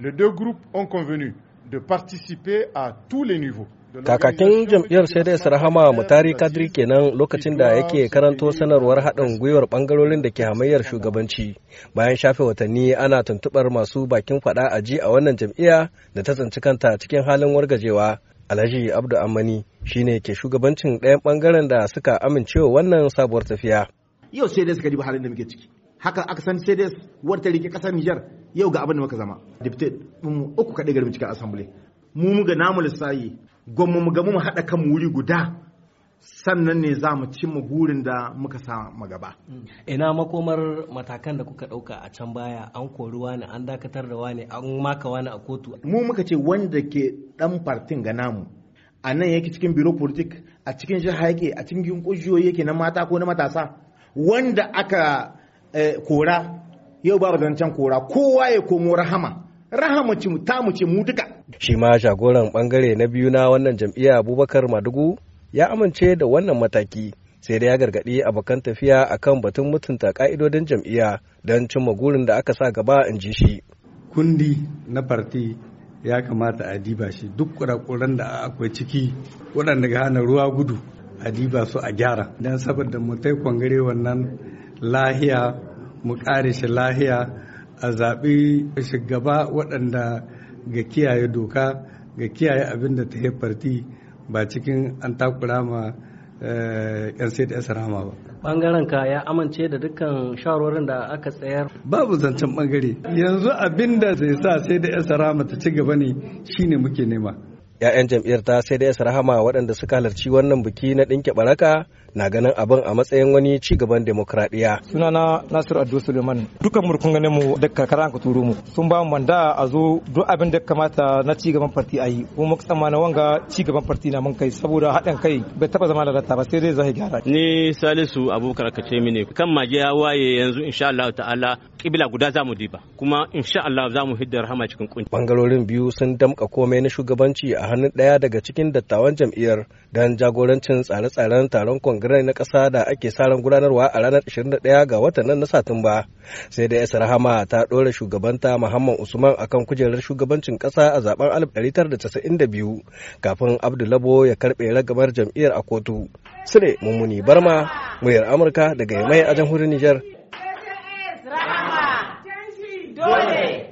les deux groupes ont convenu de participer à tous les niveaux. Kakakin jam'iyyar sai Rahama Mutari Kadri kenan lokacin da yake karanto sanarwar haɗin gwiwar ɓangarorin da ke hamayyar shugabanci bayan shafe watanni ana tuntuɓar masu bakin faɗa a ji a wannan jam'iyya da ta tsinci kanta cikin halin wargajewa. Alhaji Abdu Ammani shine ke shugabancin ɗayan ɓangaren da suka amincewa wannan sabuwar tafiya. Yau sai suka halin da muke ciki. Haka aka san sai dai rike ƙasar Nijar yau ga abin da muka zama diptate mu uku kaɗai garin cikin assembly mu muga namu lissayi gwamma mu gamu mu haɗa kan wuri guda sannan ne za mu ci mu gurin da muka sa gaba. ina makomar matakan da kuka ɗauka a can baya an kori wani an dakatar da wani an maka wani a kotu mu muka ce wanda ke ɗan fartin ga namu a nan yake cikin biro politik a cikin jiha yake a cikin kungiyoyi yake na mata ko na matasa wanda aka eh, kora yau babu zancen kora kowa ya komo rahama rahama ci ta mu ci mu duka shi ma shagoran bangare na biyu na wannan jam'iyya Abubakar Madugu ya amince da wannan mataki sai da ya gargaɗi abokan tafiya akan batun mutunta ka'idodin jam'iyya don cimma gurin da aka sa gaba in ji shi kundi na farti ya kamata a diba shi duk kurakuran da akwai ciki waɗanda ga hana ruwa gudu a diba su a gyara don saboda mutai tai kwangare lahiya mu kare shi lahiya a zaɓi shugaba waɗanda ga kiyaye doka ga kiyaye abin da ta farti ba cikin an takura ma eh, 'yan sai da ba bangaren ka ya amince da dukkan shawarwarin da aka tsayar babu zancen bangare yanzu abin da zai sa sai da yasa ta ci gaba ne shine muke nema 'ya'yan jam'iyyar ta sai da yasa rahama waɗanda suka halarci wannan biki na ɗinke baraka na ganin abin a matsayin wani ci gaban demokradiyya sunana nasiru addu suleiman dukan murkun ganin mu da karkara ka turo mu sun ba mu manda a zo duk abin da kamata na ci gaban farti a yi kuma tsamma na wanga ci gaban farti na mun kai saboda haɗin kai bai taɓa zama lalata ba sai dai zai gyara ni salisu abubakar ka ce mini kan mage ya waye yanzu insha Allah ta'ala kibila guda za mu diba kuma insha Allah za mu hidda rahama cikin kunci bangarorin biyu sun damka komai na shugabanci a hannun daya daga cikin dattawan jam'iyyar don jagorancin tsare-tsaren taron kongres congress na ƙasa da ake saran gudanarwa a ranar 21 ga watan nan na Satumba. Sai da Yasir Rahama ta ɗora shugabanta Muhammad Usman akan kujerar shugabancin ƙasa a zaben 1992 kafin Abdulabo ya karɓe ragamar jam'iyyar a kotu. Sire Mummuni Barma, muryar Amurka daga Yamai a jamhuriyar Nijar.